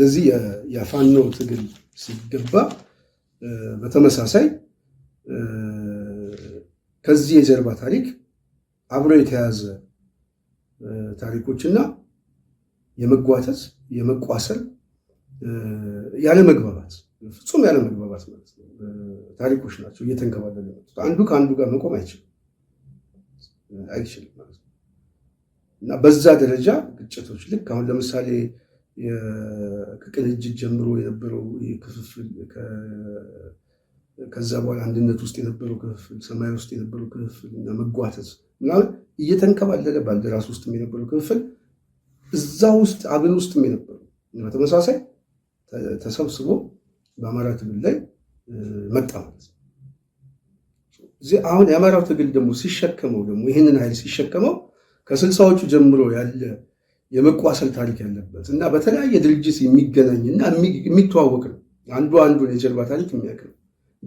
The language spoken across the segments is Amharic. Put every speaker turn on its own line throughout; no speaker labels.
ስለዚህ የፋኖ ትግል ሲገባ በተመሳሳይ ከዚህ የጀርባ ታሪክ አብሮ የተያዘ ታሪኮችና የመጓተት የመቋሰል ያለ መግባባት ፍጹም ያለ መግባባት ማለት ነው ታሪኮች ናቸው እየተንከባለ የመጡት። አንዱ ከአንዱ ጋር መቆም አይችልም አይችልም ማለት ነው እና በዛ ደረጃ ግጭቶች ልክ አሁን ለምሳሌ ከቅንጅት ጀምሮ የነበረው ክፍፍል ከዛ በኋላ አንድነት ውስጥ የነበረው ክፍፍል፣ ሰማይ ውስጥ የነበረው ክፍፍል እና መጓተት ምናምን እየተንከባለለ ባልደራስ ውስጥ የነበረው ክፍፍል እዛ ውስጥ አብን ውስጥ የነበረው በተመሳሳይ ተሰብስቦ በአማራ ትግል ላይ መጣ ማለት ነው። አሁን የአማራው ትግል ደግሞ ሲሸከመው ደግሞ ይህንን ኃይል ሲሸከመው ከስልሳዎቹ ጀምሮ ያለ የመቋሰል ታሪክ ያለበት እና በተለያየ ድርጅት የሚገናኝ እና የሚተዋወቅ ነው። አንዱ አንዱን የጀርባ ታሪክ የሚያውቅ ነው።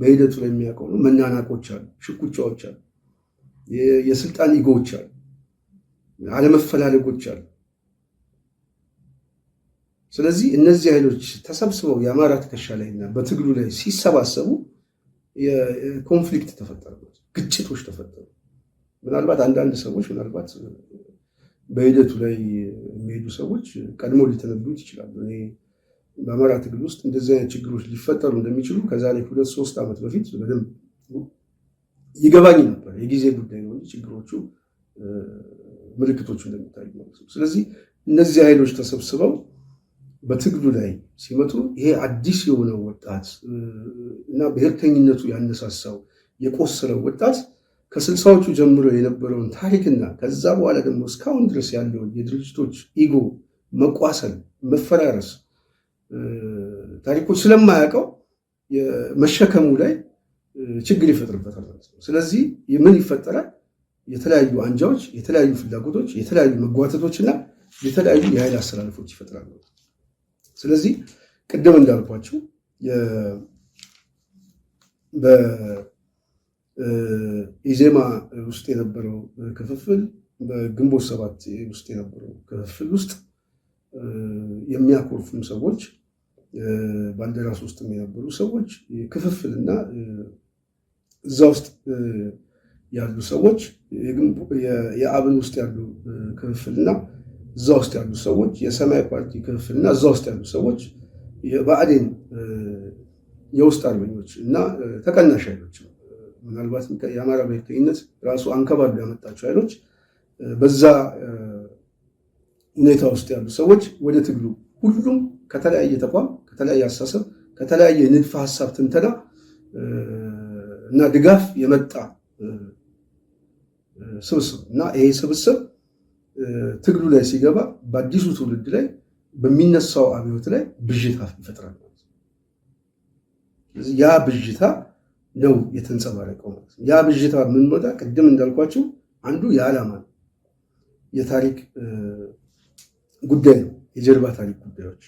በሂደቱ ላይ የሚያውቀው ነው። መናናቆች አሉ፣ ሽኩቻዎች አሉ፣ የስልጣን ኢጎዎች አሉ፣ አለመፈላለጎች አሉ። ስለዚህ እነዚህ ኃይሎች ተሰብስበው የአማራ ትከሻ ላይ እና በትግሉ ላይ ሲሰባሰቡ ኮንፍሊክት ተፈጠረበት፣ ግጭቶች ተፈጠሩ። ምናልባት አንዳንድ ሰዎች ምናልባት በሂደቱ ላይ የሚሄዱ ሰዎች ቀድሞ ሊተነብዩት ይችላሉ። እኔ በአማራ ትግል ውስጥ እንደዚህ አይነት ችግሮች ሊፈጠሩ እንደሚችሉ ከዛሬ ሁለት ሶስት ዓመት በፊት በደንብ ይገባኝ ነበር። የጊዜ ጉዳይ ነው ችግሮቹ ምልክቶቹ እንደሚታዩ ማለት ነው። ስለዚህ እነዚህ ኃይሎች ተሰብስበው በትግሉ ላይ ሲመጡ ይሄ አዲስ የሆነው ወጣት እና ብሔርተኝነቱ ያነሳሳው የቆሰለው ወጣት ከስልሳዎቹ ጀምሮ የነበረውን ታሪክና ከዛ በኋላ ደግሞ እስካሁን ድረስ ያለውን የድርጅቶች ኢጎ መቋሰል፣ መፈራረስ ታሪኮች ስለማያውቀው መሸከሙ ላይ ችግር ይፈጥርበታል ማለት ነው። ስለዚህ ምን ይፈጠራል? የተለያዩ አንጃዎች፣ የተለያዩ ፍላጎቶች፣ የተለያዩ መጓተቶች እና የተለያዩ የኃይል አስተላልፎች ይፈጥራሉ። ስለዚህ ቅድም እንዳልኳቸው ኢዜማ ውስጥ የነበረው ክፍፍል በግንቦት ሰባት ውስጥ የነበረው ክፍፍል ውስጥ የሚያኮርፉም ሰዎች ባልደራስ ውስጥም የነበሩ ሰዎች ክፍፍልና እዛ ውስጥ ያሉ ሰዎች የአብን ውስጥ ያሉ ክፍፍልና እዛ ውስጥ ያሉ ሰዎች የሰማያዊ ፓርቲ ክፍፍልና እዛ ውስጥ ያሉ ሰዎች የብአዴን የውስጥ አርበኞች እና ተቀናሽ ኃይሎች ነው። ምናልባትም የአማራ ብሔርተኝነት ራሱ አንከባሉ ያመጣቸው ኃይሎች በዛ ሁኔታ ውስጥ ያሉ ሰዎች ወደ ትግሉ ሁሉም ከተለያየ ተቋም፣ ከተለያየ አስተሳሰብ፣ ከተለያየ ንድፈ ሀሳብ ትንተና እና ድጋፍ የመጣ ስብስብ እና ይሄ ስብስብ ትግሉ ላይ ሲገባ በአዲሱ ትውልድ ላይ በሚነሳው አብዮት ላይ ብዥታ ይፈጥራል። ያ ብዥታ ነው የተንጸባረቀው ማለት ነው። ያ ብዥታ የምንወጣ ቅድም እንዳልኳቸው አንዱ የዓላማ ነው፣ የታሪክ ጉዳይ ነው፣ የጀርባ ታሪክ ጉዳዮች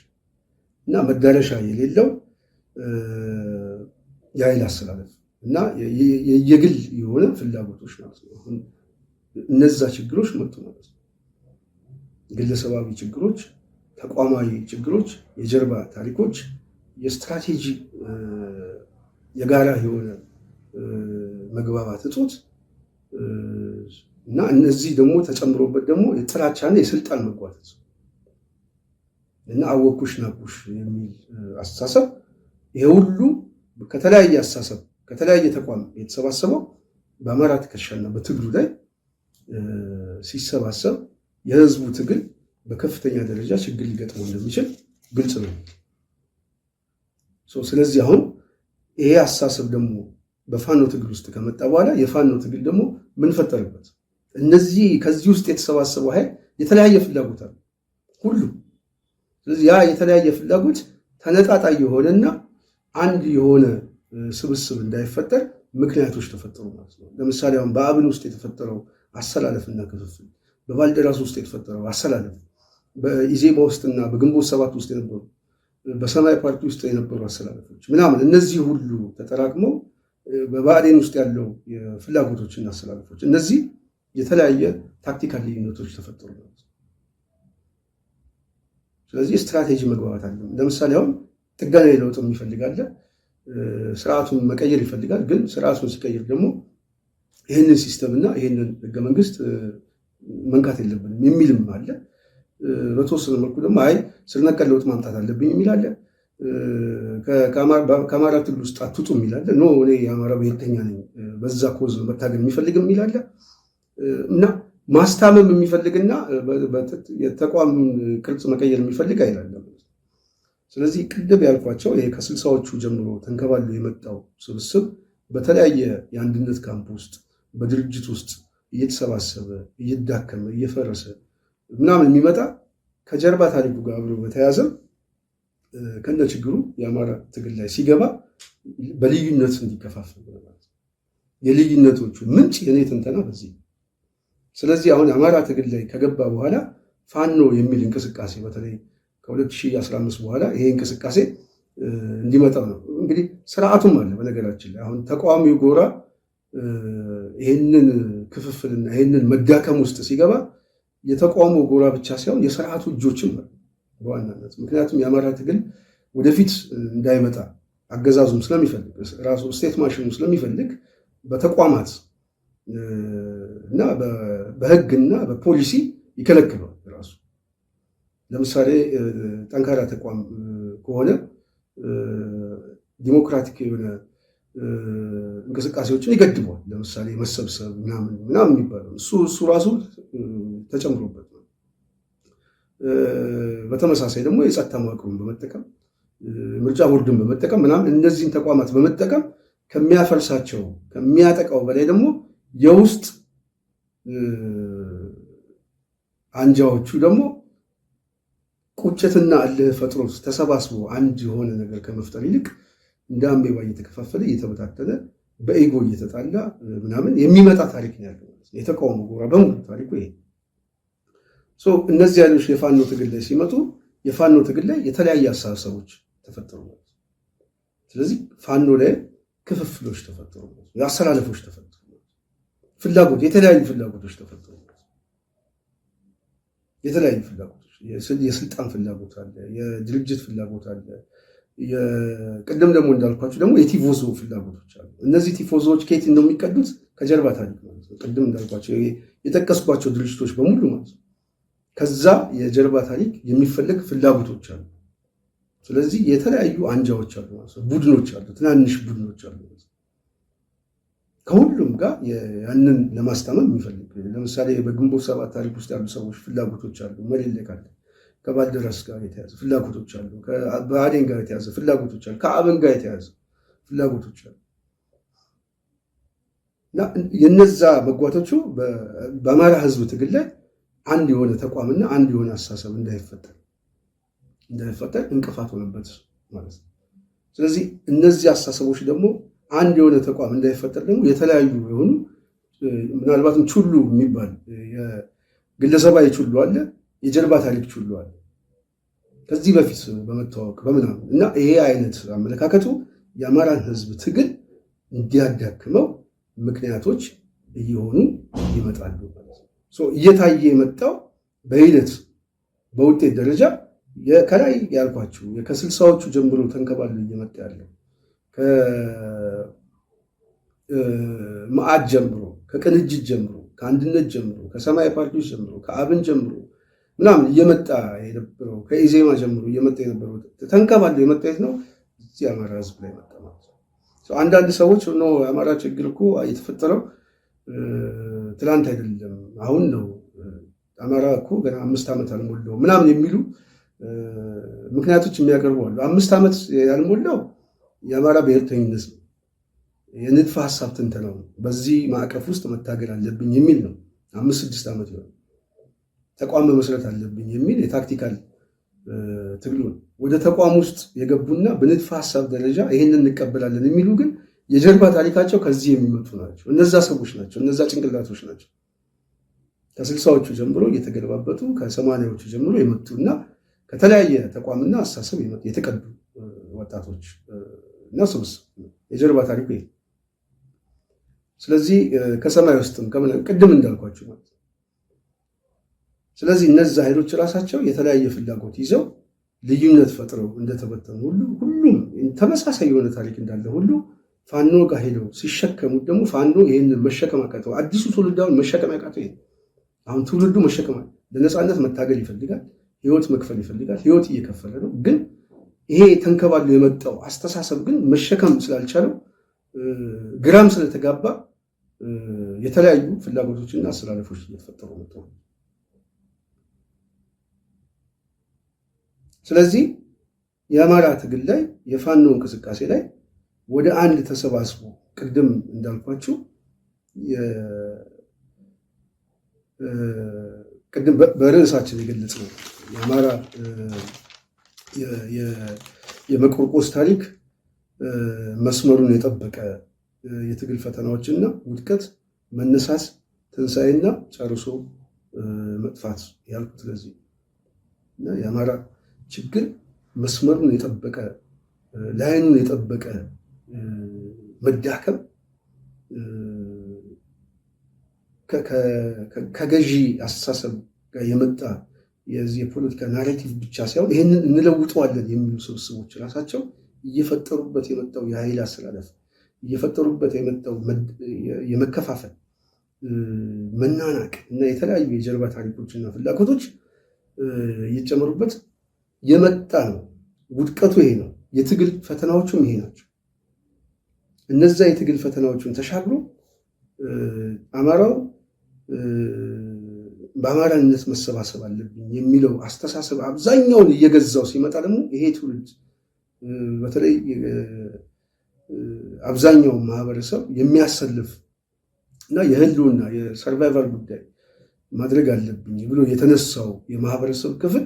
እና መዳረሻ የሌለው የኃይል አስተላለፍ እና የግል የሆነ ፍላጎቶች ማለት ነው። አሁን እነዛ ችግሮች መጡ ማለት ነው። ግለሰባዊ ችግሮች፣ ተቋማዊ ችግሮች፣ የጀርባ ታሪኮች፣ የስትራቴጂ የጋራ የሆነ መግባባት እጦት እና እነዚህ ደግሞ ተጨምሮበት ደግሞ የጥላቻና የስልጣን መጓተት እና አወኩሽ ናኩሽ የሚል አስተሳሰብ ይሄ ሁሉ ከተለያየ አስተሳሰብ ከተለያየ ተቋም የተሰባሰበው በአማራ ትከሻና በትግሉ ላይ ሲሰባሰብ የህዝቡ ትግል በከፍተኛ ደረጃ ችግር ሊገጥመው እንደሚችል ግልጽ ነው። ስለዚህ አሁን ይሄ አሳሰብ ደግሞ በፋኖ ትግል ውስጥ ከመጣ በኋላ የፋኖ ትግል ደግሞ ምንፈጠርበት እነዚህ ከዚህ ውስጥ የተሰባሰበው ኃይል የተለያየ ፍላጎት አለ ሁሉ ስለዚህ ያ የተለያየ ፍላጎት ተነጣጣይ የሆነና አንድ የሆነ ስብስብ እንዳይፈጠር ምክንያቶች ተፈጠሩ ማለት ነው። ለምሳሌ አሁን በአብን ውስጥ የተፈጠረው አሰላለፍና ክፍፍል፣ በባልደራስ ውስጥ የተፈጠረው አሰላለፍ፣ በኢዜማ ውስጥና በግንቦት ሰባት ውስጥ የነበሩ በሰማያዊ ፓርቲ ውስጥ የነበሩ አሰላለፎች ምናምን እነዚህ ሁሉ ተጠራቅመው በባዕዴን ውስጥ ያለው የፍላጎቶችና አሰላለፎች እነዚህ የተለያየ ታክቲካል ልዩነቶች ተፈጠሩ። ስለዚህ ስትራቴጂ መግባባት አለ። ለምሳሌ አሁን ጥገናዊ ለውጥም ይፈልጋለ ስርዓቱን መቀየር ይፈልጋል። ግን ስርዓቱን ሲቀይር ደግሞ ይህንን ሲስተምና ይህንን ህገ መንግስት መንካት የለብንም የሚልም አለ። በተወሰነ መልኩ ደግሞ አይ ስርነቀል ለውጥ ማምጣት አለብኝ የሚላለ ከአማራ ትግል ውስጥ አትውጡ የሚላለ ኖ እኔ የአማራ ብሄርተኛ ነኝ በዛ ኮዝ መታገል የሚፈልግ የሚላለ እና ማስታመም የሚፈልግና የተቋም ቅርጽ መቀየር የሚፈልግ አይላለም። ስለዚህ ቅድም ያልኳቸው ይሄ ከስልሳዎቹ ጀምሮ ተንከባሎ የመጣው ስብስብ በተለያየ የአንድነት ካምፕ ውስጥ በድርጅት ውስጥ እየተሰባሰበ እየዳከመ እየፈረሰ ምናምን የሚመጣ ከጀርባ ታሪኩ ጋር አብሮ በተያዘ ከነ ችግሩ የአማራ ትግል ላይ ሲገባ በልዩነት እንዲከፋፈል ማለት የልዩነቶቹ ምንጭ የኔ ትንተና በዚህ ስለዚህ አሁን አማራ ትግል ላይ ከገባ በኋላ ፋኖ የሚል እንቅስቃሴ በተለይ ከ2015 በኋላ ይሄ እንቅስቃሴ እንዲመጣው ነው። እንግዲህ ስርዓቱም አለ በነገራችን ላይ አሁን ተቃዋሚው ጎራ ይህንን ክፍፍልና ይህንን መዳከም ውስጥ ሲገባ የተቋሙ ጎራ ብቻ ሳይሆን የስርዓቱ እጆችም በዋናነት ምክንያቱም የአማራ ትግል ወደፊት እንዳይመጣ አገዛዙም ስለሚፈልግ ራሱ ስቴት ማሽኑ ስለሚፈልግ በተቋማት እና በሕግና በፖሊሲ ይከለክለዋል። ራሱ ለምሳሌ ጠንካራ ተቋም ከሆነ ዲሞክራቲክ የሆነ እንቅስቃሴዎችን ይገድበዋል። ለምሳሌ መሰብሰብ ምናምን ምናምን የሚባለው እሱ እሱ ራሱ ተጨምሮበት ነው። በተመሳሳይ ደግሞ የጸጥታ መዋቅሩን በመጠቀም ምርጫ ቦርድን በመጠቀም ምናምን እነዚህን ተቋማት በመጠቀም ከሚያፈልሳቸው ከሚያጠቃው በላይ ደግሞ የውስጥ አንጃዎቹ ደግሞ ቁጭትና እልህ ፈጥሮ ተሰባስቦ አንድ የሆነ ነገር ከመፍጠር ይልቅ እንደ አምቤባ እየተከፋፈለ እየተበታተለ በኢጎ እየተጣላ ምናምን የሚመጣ ታሪክ ነው ያለው። የተቃውሞ ጎራ በሙሉ ታሪኩ ይሄ። እነዚህ ያሉች የፋኖ ትግል ላይ ሲመጡ የፋኖ ትግል ላይ የተለያየ አስተሳሰቦች ተፈጠሩ ማለት ነው። ስለዚህ ፋኖ ላይ ክፍፍሎች ተፈጠሩ ማለት ነው። የአሰላለፎች ተፈጠሩ ማለት ነው። ፍላጎት የተለያዩ ፍላጎቶች ተፈጠሩ ማለት ነው። የተለያዩ ፍላጎቶች የስልጣን ፍላጎት አለ፣ የድርጅት ፍላጎት አለ ቅድም ደግሞ እንዳልኳቸው ደግሞ የቲፎዞ ፍላጎቶች አሉ። እነዚህ ቲፎዞዎች ከየት ነው የሚቀዱት? ከጀርባ ታሪክ ማለት ነው። ቅድም እንዳልኳቸው የጠቀስኳቸው ድርጅቶች በሙሉ ማለት ነው። ከዛ የጀርባ ታሪክ የሚፈለግ ፍላጎቶች አሉ። ስለዚህ የተለያዩ አንጃዎች አሉ ማለት ነው። ቡድኖች አሉ፣ ትናንሽ ቡድኖች አሉ ማለት ነው። ከሁሉም ጋር ያንን ለማስታመም የሚፈልግ ለምሳሌ በግንቦት ሰባት ታሪክ ውስጥ ያሉ ሰዎች ፍላጎቶች አሉ፣ መሌለቅ ከባልደረስ ጋር የተያዘ ፍላጎቶች አሉ። ከብአዴን ጋር የተያዘ ፍላጎቶች አሉ። ከአብን ጋር የተያዘ ፍላጎቶች አሉ እና የነዛ መጓቶቹ በአማራ ህዝብ ትግል ላይ አንድ የሆነ ተቋምና አንድ የሆነ አስተሳሰብ እንዳይፈጠር እንዳይፈጠር እንቅፋት ሆነበት ማለት ነው። ስለዚህ እነዚህ አስተሳሰቦች ደግሞ አንድ የሆነ ተቋም እንዳይፈጠር ደግሞ የተለያዩ የሆኑ ምናልባትም ቹሉ የሚባል ግለሰባዊ ችሉ አለ የጀልባ ታሪክ ችሏል። ከዚህ በፊት በመተዋወቅ በምናምን እና ይሄ አይነት አመለካከቱ የአማራን ህዝብ ትግል እንዲያዳክመው ምክንያቶች እየሆኑ ይመጣሉ ማለት ነው። እየታየ የመጣው በሂደት በውጤት ደረጃ ከላይ ያልኳችሁ ከስልሳዎቹ ጀምሮ ተንከባሉ እየመጣ ያለው ከመአድ ጀምሮ ከቅንጅት ጀምሮ ከአንድነት ጀምሮ ከሰማያዊ ፓርቲዎች ጀምሮ ከአብን ጀምሮ ምናምን እየመጣ የነበረው ከኢዜማ ጀምሮ እየመጣ የነበረው ተንከባለ የመጣየት ነው እዚህ አማራ ህዝብ ላይ መጣ ማለት ነው። አንዳንድ ሰዎች ነው የአማራ ችግር እኮ የተፈጠረው ትላንት አይደለም አሁን ነው አማራ እኮ ገና አምስት ዓመት አልሞላው ምናምን የሚሉ ምክንያቶች የሚያቀርቡ አሉ። አምስት ዓመት ያልሞላው የአማራ ብሔርተኝነት ነው፣ የንድፈ ሀሳብ ትንተናው ነው። በዚህ ማዕቀፍ ውስጥ መታገል አለብኝ የሚል ነው። አምስት ስድስት ዓመት ይሆናል። ተቋም መመስረት አለብኝ የሚል የታክቲካል ትግሉ ነው። ወደ ተቋም ውስጥ የገቡና በንድፈ ሀሳብ ደረጃ ይህንን እንቀበላለን የሚሉ ግን የጀርባ ታሪካቸው ከዚህ የሚመጡ ናቸው። እነዛ ሰዎች ናቸው፣ እነዛ ጭንቅላቶች ናቸው። ከስልሳዎቹ ጀምሮ እየተገለባበጡ ከሰማንያዎቹ ጀምሮ የመጡና ከተለያየ ተቋምና አሳሰብ የተቀዱ ወጣቶች እና ስብስብ የጀርባ ታሪኩ ስለዚህ ከሰማይ ውስጥም ቅድም እንዳልኳቸው ማለት ስለዚህ እነዚህ ኃይሎች ራሳቸው የተለያየ ፍላጎት ይዘው ልዩነት ፈጥረው እንደተበተኑ ሁሉ ሁሉም ተመሳሳይ የሆነ ታሪክ እንዳለ ሁሉ ፋኖ ጋር ሄደው ሲሸከሙት ደግሞ ፋኖ ይህንን መሸከም አቃተው። አዲሱ ትውልድ አሁን መሸከም ያቃተው ይሄ አሁን ትውልዱ መሸከም ለነፃነት መታገል ይፈልጋል። ህይወት መክፈል ይፈልጋል። ህይወት እየከፈለ ነው። ግን ይሄ ተንከባሉ የመጣው አስተሳሰብ ግን መሸከም ስላልቻለው ግራም ስለተጋባ የተለያዩ ፍላጎቶችና አስተላለፎች እየተፈጠሩ መጥተዋል። ስለዚህ የአማራ ትግል ላይ የፋኖ እንቅስቃሴ ላይ ወደ አንድ ተሰባስቦ ቅድም እንዳልኳችሁ ቅድም በርዕሳችን የገለጽ ነው የአማራ የመቆርቆስ ታሪክ መስመሩን የጠበቀ የትግል ፈተናዎችና ውድቀት፣ መነሳስ፣ ትንሣኤና ጨርሶ መጥፋት ያልኩት ለዚህ የአማራ ችግር መስመሩን የጠበቀ ላይኑን የጠበቀ መዳከም ከገዢ አስተሳሰብ ጋር የመጣ የዚህ የፖለቲካ ናሬቲቭ ብቻ ሳይሆን ይህንን እንለውጠዋለን የሚሉ ስብስቦች ራሳቸው እየፈጠሩበት የመጣው የኃይል አሰላለፍ እየፈጠሩበት የመጣው የመከፋፈል መናናቅ እና የተለያዩ የጀርባ ታሪኮች እና ፍላጎቶች እየጨመሩበት የመጣ ነው። ውድቀቱ ይሄ ነው። የትግል ፈተናዎቹም ይሄ ናቸው። እነዛ የትግል ፈተናዎቹን ተሻግሮ አማራው በአማራነት መሰባሰብ አለብኝ የሚለው አስተሳሰብ አብዛኛውን እየገዛው ሲመጣ ደግሞ ይሄ ትውልድ በተለይ አብዛኛውን ማህበረሰብ የሚያሰልፍ እና የህልውና የሰርቫይቫል ጉዳይ ማድረግ አለብኝ ብሎ የተነሳው የማህበረሰብ ክፍል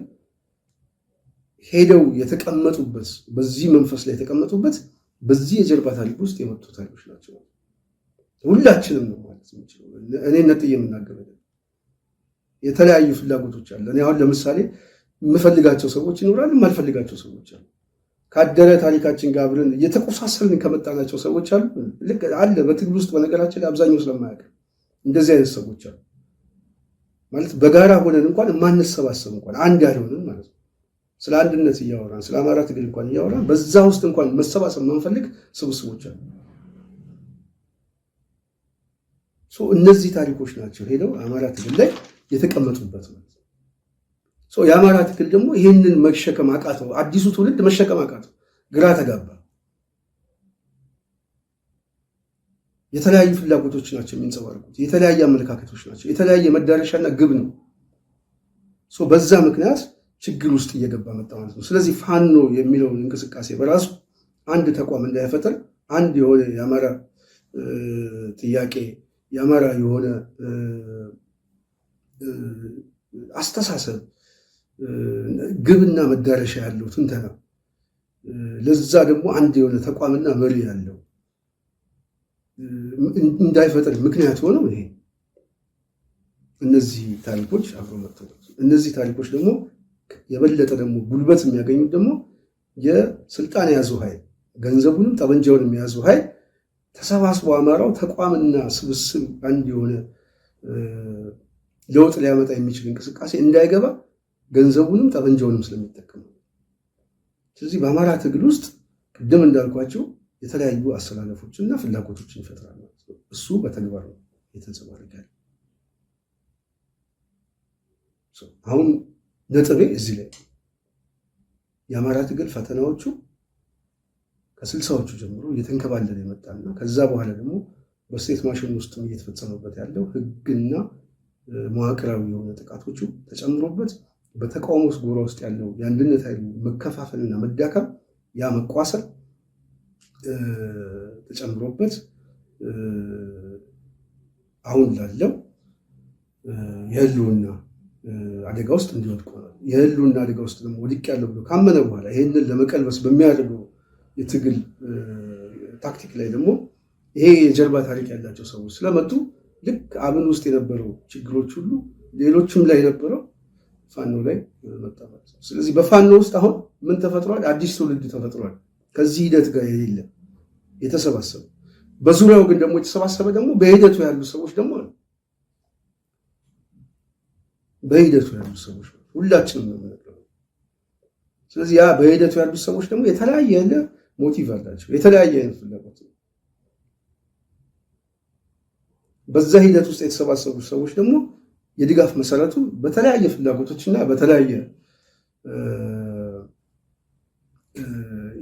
ሄደው የተቀመጡበት በዚህ መንፈስ ላይ የተቀመጡበት በዚህ የጀርባ ታሪክ ውስጥ የመጡ ታሪኮች ናቸው። ሁላችንም ነው ማለት የምችለው እኔ ነጥዬ የምናገር የተለያዩ ፍላጎቶች አለ። እኔ አሁን ለምሳሌ የምፈልጋቸው ሰዎች ይኖራሉ፣ የማልፈልጋቸው ሰዎች አሉ። ካደረ ታሪካችን ጋር አብረን እየተቆሳሰልን ከመጣናቸው ሰዎች አሉ አለ በትግል ውስጥ በነገራችን ላይ አብዛኛው ስለማያውቅ እንደዚህ አይነት ሰዎች አሉ ማለት በጋራ ሆነን እንኳን የማንሰባሰብ እንኳን አንድ ያልሆንን ማለት ነው ስለ አንድነት እያወራን ስለ አማራ ትግል እንኳን እያወራን በዛ ውስጥ እንኳን መሰባሰብ ማንፈልግ ስብስቦች አሉ። እነዚህ ታሪኮች ናቸው ሄደው አማራ ትግል ላይ የተቀመጡበት ማለት ነው። የአማራ ትግል ደግሞ ይህንን መሸከም አቃተው፣ አዲሱ ትውልድ መሸከም አቃተው፣ ግራ ተጋባ። የተለያዩ ፍላጎቶች ናቸው የሚንጸባረቁት፣ የተለያየ አመለካከቶች ናቸው፣ የተለያየ መዳረሻና ግብ ነው። በዛ ምክንያት ችግር ውስጥ እየገባ መጣ ማለት ነው። ስለዚህ ፋኖ የሚለውን እንቅስቃሴ በራሱ አንድ ተቋም እንዳይፈጥር አንድ የሆነ የአማራ ጥያቄ የአማራ የሆነ አስተሳሰብ ግብና መዳረሻ ያለው ትንተና ለዛ ደግሞ አንድ የሆነ ተቋምና መሪ ያለው እንዳይፈጥር ምክንያት ሆነው ይሄ እነዚህ ታሪኮች አብሮ መጥተው እነዚህ ታሪኮች ደግሞ የበለጠ ደግሞ ጉልበት የሚያገኙት ደግሞ የስልጣን የያዙ ኃይል ገንዘቡንም ጠበንጃውን የሚያዙ ኃይል ተሰባስቦ አማራው ተቋምና ስብስብ አንድ የሆነ ለውጥ ሊያመጣ የሚችል እንቅስቃሴ እንዳይገባ ገንዘቡንም ጠበንጃውንም ስለሚጠቀሙ ስለዚህ በአማራ ትግል ውስጥ ቅድም እንዳልኳቸው የተለያዩ አሰላለፎችን እና ፍላጎቶችን ይፈጥራል እሱ በተግባር ነው የተንጸባረቀ። አሁን ነጥቤ እዚህ ላይ የአማራ ትግል ፈተናዎቹ ከስልሳዎቹ ጀምሮ እየተንከባለለ የመጣና ከዛ በኋላ ደግሞ በስቴት ማሽን ውስጥም እየተፈጸመበት ያለው ህግና መዋቅራዊ የሆነ ጥቃቶቹ ተጨምሮበት በተቃውሞ ውስጥ ጎራ ውስጥ ያለው የአንድነት ኃይሉ መከፋፈልና መዳከም ያ መቋሰል ተጨምሮበት አሁን ላለው የህልውና አደጋ ውስጥ እንዲወድቁ ነው። የህልውና አደጋ ውስጥ ደግሞ ያለው ብሎ ካመነ በኋላ ይህንን ለመቀልበስ በሚያደርገው የትግል ታክቲክ ላይ ደግሞ ይሄ የጀርባ ታሪክ ያላቸው ሰዎች ስለመጡ ልክ አብን ውስጥ የነበረው ችግሮች ሁሉ ሌሎችም ላይ የነበረው ፋኖ ላይ መጣ። ስለዚህ በፋኖ ውስጥ አሁን ምን ተፈጥሯል? አዲስ ትውልድ ተፈጥሯል። ከዚህ ሂደት ጋር የሌለ የተሰባሰበ በዙሪያው ግን ደግሞ የተሰባሰበ ደግሞ በሂደቱ ያሉ ሰዎች ደግሞ በሂደቱ ያሉ ሰዎች ሁላችንም ነው የምንለው። ስለዚህ ያ በሂደቱ ያሉ ሰዎች ደግሞ የተለያየ ያለ ሞቲቭ አላቸው፣ የተለያየ አይነት ፍላጎት ነው። በዛ ሂደት ውስጥ የተሰባሰቡ ሰዎች ደግሞ የድጋፍ መሰረቱ በተለያየ ፍላጎቶች እና በተለያየ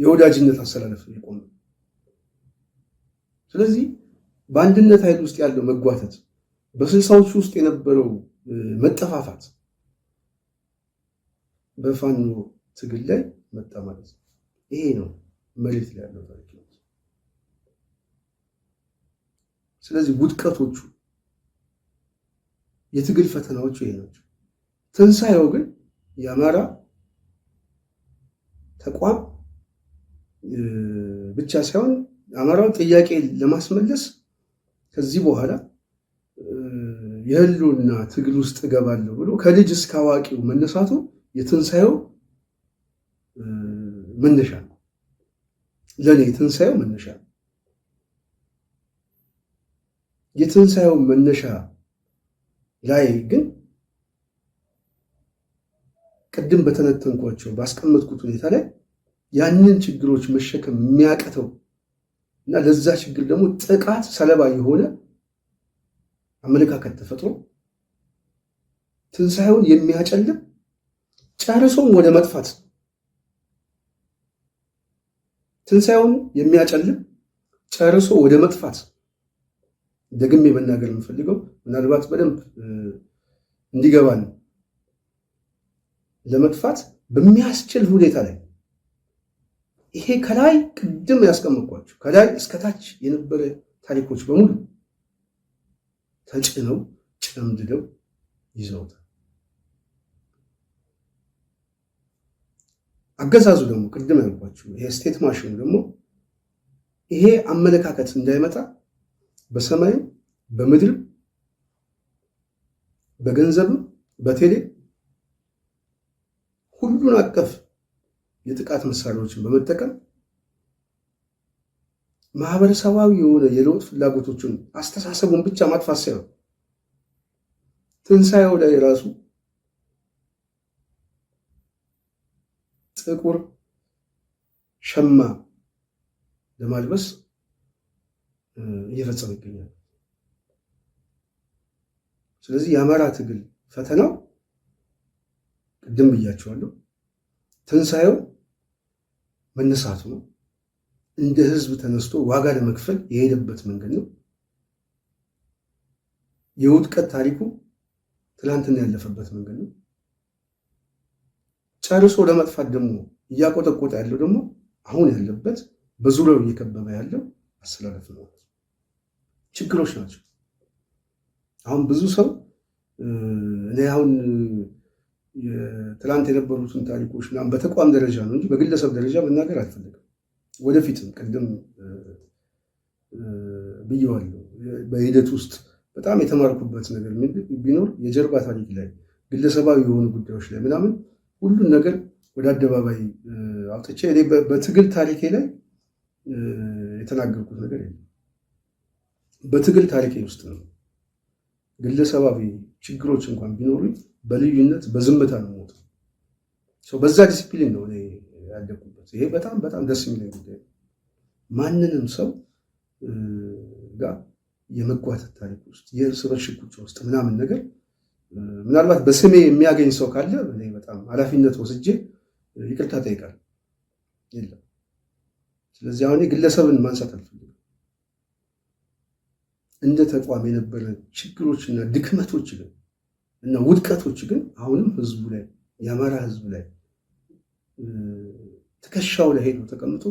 የወዳጅነት አሰላለፍ ነው ስለዚህ በአንድነት ኃይል ውስጥ ያለው መጓተት በስልሳዎች ውስጥ የነበረው መጠፋፋት በፋኖ ትግል ላይ መጣ ማለት ነው። ይሄ ነው መሬት ላይ ያለው ታሪክ። ስለዚህ ውድቀቶቹ የትግል ፈተናዎቹ ይሄ ናቸው። ትንሣኤው ግን የአማራ ተቋም ብቻ ሳይሆን አማራውን ጥያቄ ለማስመለስ ከዚህ በኋላ የህልውና ትግል ውስጥ እገባለሁ ብሎ ከልጅ እስከ አዋቂው መነሳቱ የትንሣኤው መነሻ ነው። ለእኔ የትንሣኤው መነሻ ነው። የትንሣኤው መነሻ ላይ ግን ቅድም በተነተንኳቸው ባስቀመጥኩት ሁኔታ ላይ ያንን ችግሮች መሸከም የሚያቅተው እና ለዛ ችግር ደግሞ ጥቃት ሰለባ የሆነ አመለካከት ተፈጥሮ ትንሣኤውን የሚያጨልም ጨርሶም ወደ መጥፋት ትንሣኤውን የሚያጨልም ጨርሶ ወደ መጥፋት ደግሜ መናገር የምፈልገው ምናልባት በደንብ እንዲገባን ለመጥፋት በሚያስችል ሁኔታ ላይ ይሄ ከላይ ቅድም ያስቀመጥኳቸው ከላይ እስከታች የነበረ ታሪኮች በሙሉ ተጭነው ጨምድደው ይዘውታል። አገዛዙ ደግሞ ቅድም ያልኳችሁ ይሄ ስቴት ማሽኑ ደግሞ ይሄ አመለካከት እንዳይመጣ በሰማይም በምድርም በገንዘብም በቴሌ ሁሉን አቀፍ የጥቃት መሳሪያዎችን በመጠቀም ማህበረሰባዊ የሆነ የለውጥ ፍላጎቶችን አስተሳሰቡን ብቻ ማጥፋት ሳይሆን ትንሣኤው ላይ ራሱ ጥቁር ሸማ ለማልበስ እየፈጸመ ይገኛል። ስለዚህ የአማራ ትግል ፈተናው ቅድም ብያቸዋለሁ፣ ትንሣኤው መነሳቱ ነው። እንደ ህዝብ ተነስቶ ዋጋ ለመክፈል የሄደበት መንገድ ነው። የውድቀት ታሪኩ ትላንትና ያለፈበት መንገድ ነው። ጨርሶ ለመጥፋት ደግሞ እያቆጠቆጠ ያለው ደግሞ አሁን ያለበት በዙሪያው እየከበበ ያለው አሰላለፍ ነው። ችግሮች ናቸው። አሁን ብዙ ሰው እኔ አሁን ትላንት የነበሩትን ታሪኮች ምናምን በተቋም ደረጃ ነው እንጂ በግለሰብ ደረጃ መናገር አልፈልግም። ወደፊትም ቅድም ብየዋለሁ በሂደት ውስጥ በጣም የተማርኩበት ነገር ቢኖር የጀርባ ታሪክ ላይ ግለሰባዊ የሆኑ ጉዳዮች ላይ ምናምን ሁሉን ነገር ወደ አደባባይ አውጥቼ እኔ በትግል ታሪኬ ላይ የተናገርኩት ነገር የለም። በትግል ታሪኬ ውስጥ ነው ግለሰባዊ ችግሮች እንኳን ቢኖሩኝ በልዩነት በዝምታ ነው ሞት። በዛ ዲስፕሊን ነው እኔ ያደኩ ይሄ በጣም በጣም ደስ የሚል ጉዳይ ማንንም ሰው ጋር የመጓተት ታሪክ ውስጥ የእርስ በርስ ሽኩቻ ውስጥ ምናምን ነገር ምናልባት በስሜ የሚያገኝ ሰው ካለ እኔ በጣም ኃላፊነት ወስጄ ይቅርታ ጠይቃል የለም። ስለዚህ አሁን ግለሰብን ማንሳት አልፈልግም። እንደ ተቋም የነበረ ችግሮችና ድክመቶች ግን እና ውድቀቶች ግን አሁንም ህዝቡ ላይ የአማራ ህዝብ ላይ ትከሻው ላይ ሄዶ ተቀምጦ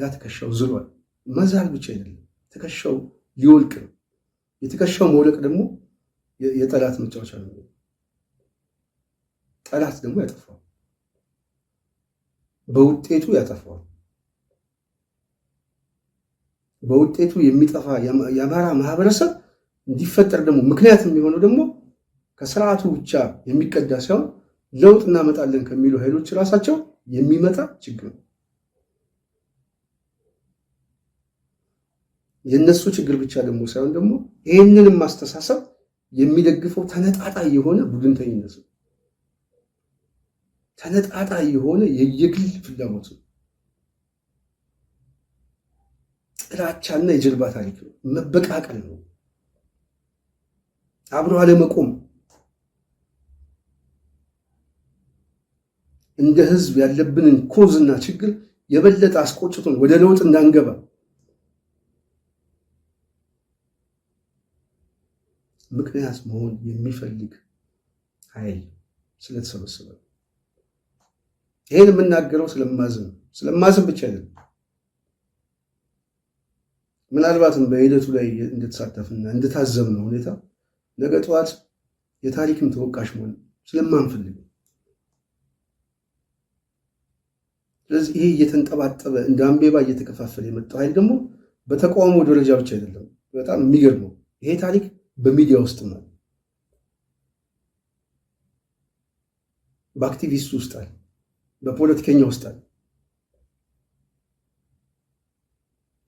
ያ ትከሻው ዝሏል። መዛል ብቻ አይደለም፣ ትከሻው ሊወልቅ ነው። የትከሻው መውለቅ ደግሞ የጠላት መጫወቻ ነው። ጠላት ደግሞ ያጠፋዋል፣ በውጤቱ ያጠፋዋል። በውጤቱ የሚጠፋ የአማራ ማህበረሰብ እንዲፈጠር ደግሞ ምክንያት የሚሆነው ደግሞ ከስርዓቱ ብቻ የሚቀዳ ሳይሆን ለውጥ እናመጣለን ከሚሉ ኃይሎች ራሳቸው የሚመጣ ችግር ነው። የእነሱ ችግር ብቻ ደግሞ ሳይሆን ደግሞ ይህንንም ማስተሳሰብ የሚደግፈው ተነጣጣይ የሆነ ቡድንተኝነት ነው። ተነጣጣይ የሆነ የየግል ፍላጎት ነው። ጥላቻና የጀልባ ታሪክ ነው። መበቃቀል ነው። አብሮ አለመቆም እንደ ህዝብ ያለብንን ኮዝና ችግር የበለጠ አስቆጭቶን ወደ ለውጥ እንዳንገባ ምክንያት መሆን የሚፈልግ ኃይል ስለተሰበሰበ ነው። ይህን የምናገረው ስለማዝን ስለማዝን ብቻ አይደለም። ምናልባትም በሂደቱ ላይ እንደተሳተፍና እንደታዘብነው ሁኔታ ነገ ጠዋት የታሪክም ተወቃሽ መሆን ስለማንፈልግ ስለዚህ ይሄ እየተንጠባጠበ እንደ አምቤባ እየተከፋፈለ የመጣው ኃይል ደግሞ በተቃውሞ ደረጃ ብቻ አይደለም። በጣም የሚገርመው ይሄ ታሪክ በሚዲያ ውስጥ ነው፣ በአክቲቪስቱ ውስጥ አለ፣ በፖለቲከኛ ውስጥ አለ።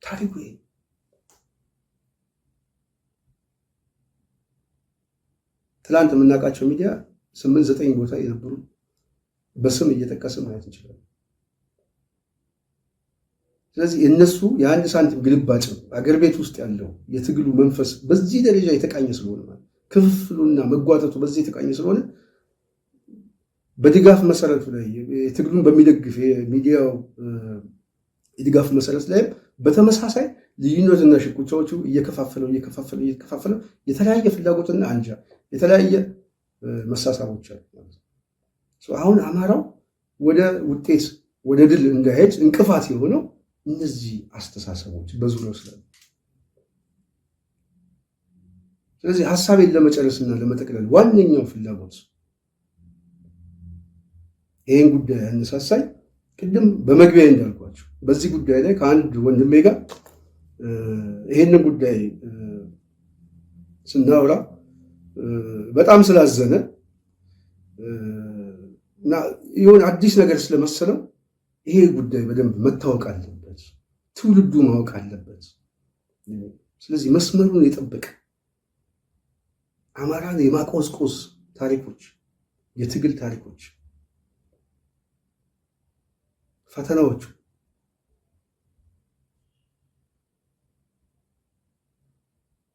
ታሪኩ ይሄ ትላንት የምናውቃቸው ሚዲያ ስምንት ዘጠኝ ቦታ የነበሩ በስም እየጠቀስ ማየት እንችላለን። ስለዚህ የእነሱ የአንድ ሳንቲም ግልባጭ ነው አገር ቤት ውስጥ ያለው የትግሉ መንፈስ በዚህ ደረጃ የተቃኘ ስለሆነ ማለት ክፍፍሉና መጓተቱ በዚህ የተቃኘ ስለሆነ በድጋፍ መሰረቱ ላይ ትግሉን በሚደግፍ የሚዲያው የድጋፍ መሰረት ላይም በተመሳሳይ ልዩነትና ሽኩቻዎቹ እየከፋፈለው እየከፋፈለው እየከፋፈለው የተለያየ ፍላጎትና አንጃ የተለያየ መሳሳቦች አሉ አሁን አማራው ወደ ውጤት ወደ ድል እንዳይሄድ እንቅፋት የሆነው እነዚህ አስተሳሰቦች በዙሪያው ስላሉ ስለዚህ ሀሳቤን ለመጨረስና ለመጠቅለል ዋነኛው ፍላጎት ይህን ጉዳይ አነሳሳይ ቅድም በመግቢያ እንዳልኳቸው በዚህ ጉዳይ ላይ ከአንድ ወንድሜ ጋር ይህንን ጉዳይ ስናወራ በጣም ስላዘነ እና የሆነ አዲስ ነገር ስለመሰለው ይሄ ጉዳይ በደንብ መታወቅ አለ ትውልዱ ማወቅ አለበት። ስለዚህ መስመሩን የጠበቀ አማራን የማቆዝቆዝ ታሪኮች፣ የትግል ታሪኮች፣ ፈተናዎቹ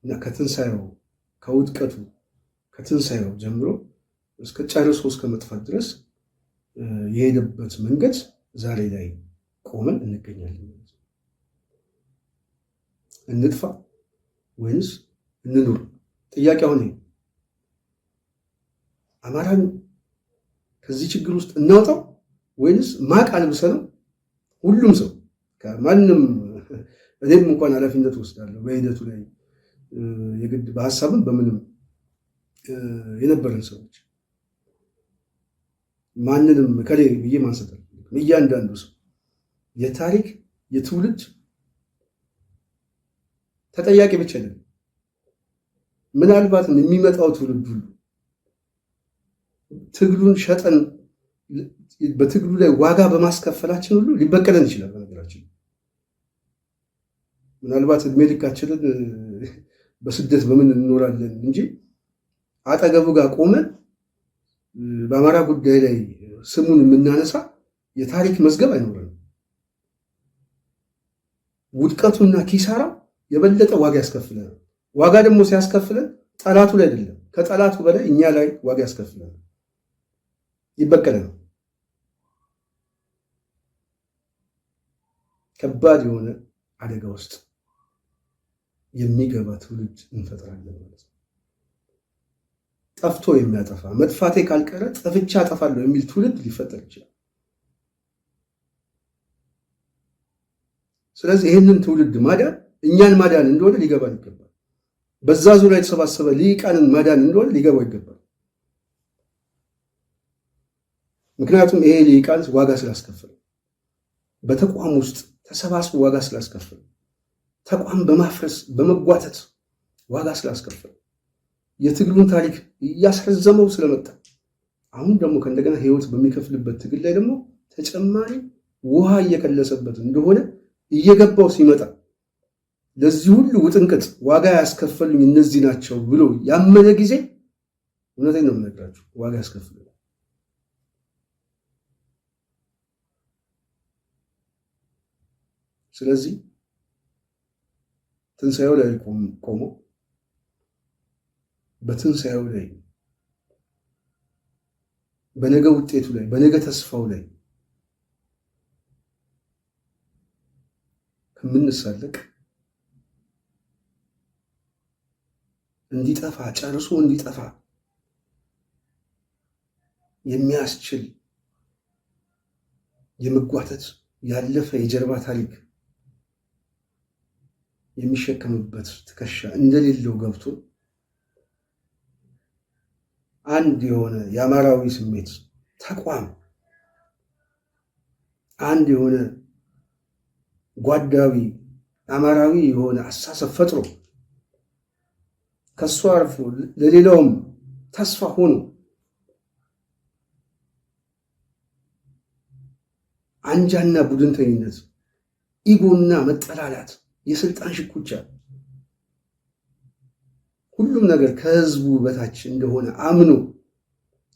እና ከትንሳኤው ከውድቀቱ ከትንሳኤው ጀምሮ እስከ ጨርሶ እስከ መጥፋት ድረስ የሄደበት መንገድ ዛሬ ላይ ቆመን እንገኛለን። እንጥፋ ወይንስ እንኑር? ጥያቄ አሁን አማራን ከዚህ ችግር ውስጥ እናውጣው ወይንስ ማቅ አልብሰነው? ሁሉም ሰው ከማንም እኔም እንኳን ኃላፊነት ወስዳለሁ በሂደቱ ላይ የግድ በሀሳብም በምንም የነበረን ሰዎች ማንንም ከሌ ብዬ ማንሰጠል እያንዳንዱ ሰው የታሪክ የትውልድ ተጠያቂ ብቻ ነው። ምናልባትም የሚመጣው ትውልድ ሁሉ ትግሉን ሸጠን በትግሉ ላይ ዋጋ በማስከፈላችን ሁሉ ሊበቀለን ይችላል። በነገራችን ምናልባት እድሜ ልካችንን በስደት በምን እንኖራለን እንጂ አጠገቡ ጋር ቆመን በአማራ ጉዳይ ላይ ስሙን የምናነሳ የታሪክ መዝገብ አይኖረንም። ውድቀቱና ኪሳራው የበለጠ ዋጋ ያስከፍለናል። ዋጋ ደግሞ ሲያስከፍለን ጠላቱ ላይ አይደለም፣ ከጠላቱ በላይ እኛ ላይ ዋጋ ያስከፍለናል፣ ነው። ከባድ የሆነ አደጋ ውስጥ የሚገባ ትውልድ እንፈጥራለን ማለት ነው። ጠፍቶ የሚያጠፋ መጥፋቴ ካልቀረ ጠፍቻ አጠፋለሁ የሚል ትውልድ ሊፈጠር ይችላል። ስለዚህ ይህንን ትውልድ ማዳን እኛን ማዳን እንደሆነ ሊገባን ይገባል። በዛ ዙሪያ የተሰባሰበ ሊቃንን ማዳን እንደሆነ ሊገባው ይገባል። ምክንያቱም ይሄ ሊቃን ዋጋ ስላስከፍል በተቋም ውስጥ ተሰባስቦ ዋጋ ስላስከፍል ተቋም በማፍረስ በመጓተት ዋጋ ስላስከፍል የትግሉን ታሪክ እያስረዘመው ስለመጣ አሁን ደግሞ ከእንደገና ህይወት በሚከፍልበት ትግል ላይ ደግሞ ተጨማሪ ውሃ እየከለሰበት እንደሆነ እየገባው ሲመጣ ለዚህ ሁሉ ውጥንቅጥ ዋጋ ያስከፈሉኝ እነዚህ ናቸው ብሎ ያመነ ጊዜ እውነት ነው የምነግራችሁ፣ ዋጋ ያስከፍሉ። ስለዚህ ትንሣኤው ላይ ቆሞ በትንሣኤው ላይ በነገ ውጤቱ ላይ በነገ ተስፋው ላይ ከምንሳለቅ እንዲጠፋ ጨርሶ እንዲጠፋ የሚያስችል የመጓተት ያለፈ የጀርባ ታሪክ የሚሸከምበት ትከሻ እንደሌለው ገብቶ አንድ የሆነ የአማራዊ ስሜት ተቋም አንድ የሆነ ጓዳዊ አማራዊ የሆነ አሳሰብ ፈጥሮ ከእሱ አርፎ ለሌላውም ተስፋ ሆኖ አንጃና ቡድንተኝነት፣ ኢጎና መጠላላት፣ የስልጣን ሽኩቻ ሁሉም ነገር ከህዝቡ በታች እንደሆነ አምኖ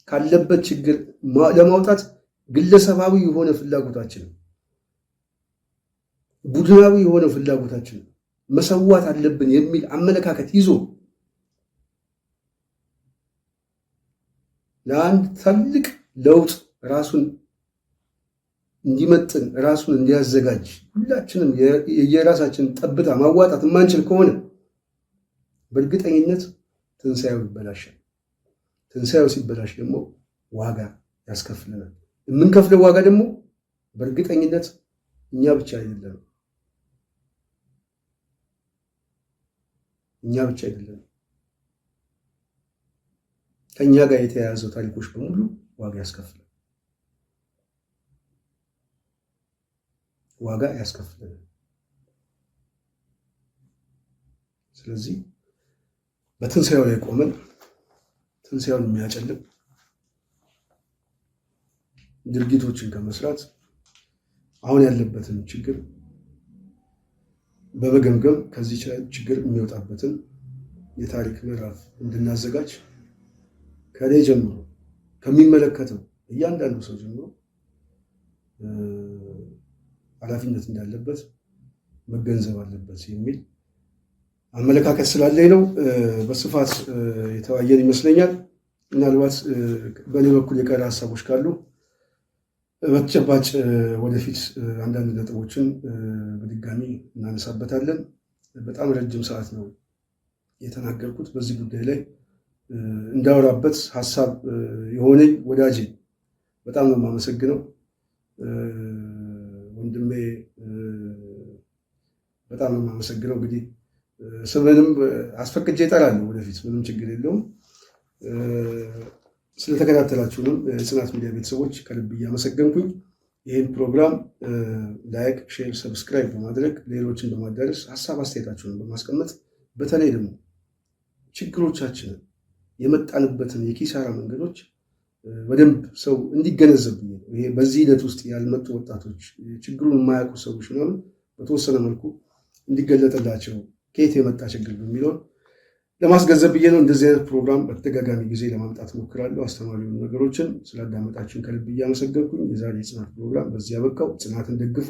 ካለበት ችግር ለማውጣት ግለሰባዊ የሆነ ፍላጎታችን ቡድናዊ የሆነ ፍላጎታችን መሰዋት አለብን የሚል አመለካከት ይዞ ለአንድ ትልቅ ለውጥ ራሱን እንዲመጥን ራሱን እንዲያዘጋጅ ሁላችንም የራሳችን ጠብታ ማዋጣት የማንችል ከሆነ በእርግጠኝነት ትንሣኤው ይበላሻል። ትንሣኤው ሲበላሽ ደግሞ ዋጋ ያስከፍለናል። የምንከፍለው ዋጋ ደግሞ በእርግጠኝነት እኛ ብቻ አይደለም እኛ ብቻ አይደለም። ከእኛ ጋር የተያያዘ ታሪኮች በሙሉ ዋጋ ያስከፍላል፣ ዋጋ ያስከፍላል። ስለዚህ በትንሣኤው ላይ ቆመን ትንሣኤውን የሚያጨልም ድርጊቶችን ከመስራት አሁን ያለበትን ችግር በመገምገም ከዚህ ችግር የሚወጣበትን የታሪክ ምዕራፍ እንድናዘጋጅ ከእኔ ጀምሮ ከሚመለከተው እያንዳንዱ ሰው ጀምሮ ኃላፊነት እንዳለበት መገንዘብ አለበት የሚል አመለካከት ስላለኝ ነው በስፋት የተወያየን ይመስለኛል። ምናልባት በእኔ በኩል የቀረ ሀሳቦች ካሉ በተጨባጭ ወደፊት አንዳንድ ነጥቦችን በድጋሚ እናነሳበታለን። በጣም ረጅም ሰዓት ነው የተናገርኩት በዚህ ጉዳይ ላይ እንዳወራበት ሀሳብ የሆነኝ ወዳጅ በጣም ነው የማመሰግነው። ወንድሜ በጣም ነው የማመሰግነው። እንግዲህ ስምንም አስፈቅጄ እጠራለሁ ወደፊት፣ ምንም ችግር የለውም። ስለተከታተላችሁንም የጽናት ሚዲያ ቤተሰቦች ከልብ እያመሰገንኩኝ ይህን ፕሮግራም ላይክ፣ ሼር፣ ሰብስክራይብ በማድረግ ሌሎችን በማዳረስ ሀሳብ አስተያየታችሁን በማስቀመጥ በተለይ ደግሞ ችግሮቻችንን የመጣንበትን የኪሳራ መንገዶች በደንብ ሰው እንዲገነዘብ ይሄ በዚህ ሂደት ውስጥ ያልመጡ ወጣቶች ችግሩን የማያውቁ ሰዎች ምናምን በተወሰነ መልኩ እንዲገለጥላቸው ከየት የመጣ ችግር በሚለውን ለማስገንዘብ ብዬ ነው። እንደዚህ አይነት ፕሮግራም በተደጋጋሚ ጊዜ ለማምጣት ሞክራለሁ። አስተማሪ ነገሮችን ስላዳመጣችን ከልብ እያመሰገንኩኝ የዛሬ የጽናት ፕሮግራም በዚህ ያበቃው። ጽናትን ደግፉ።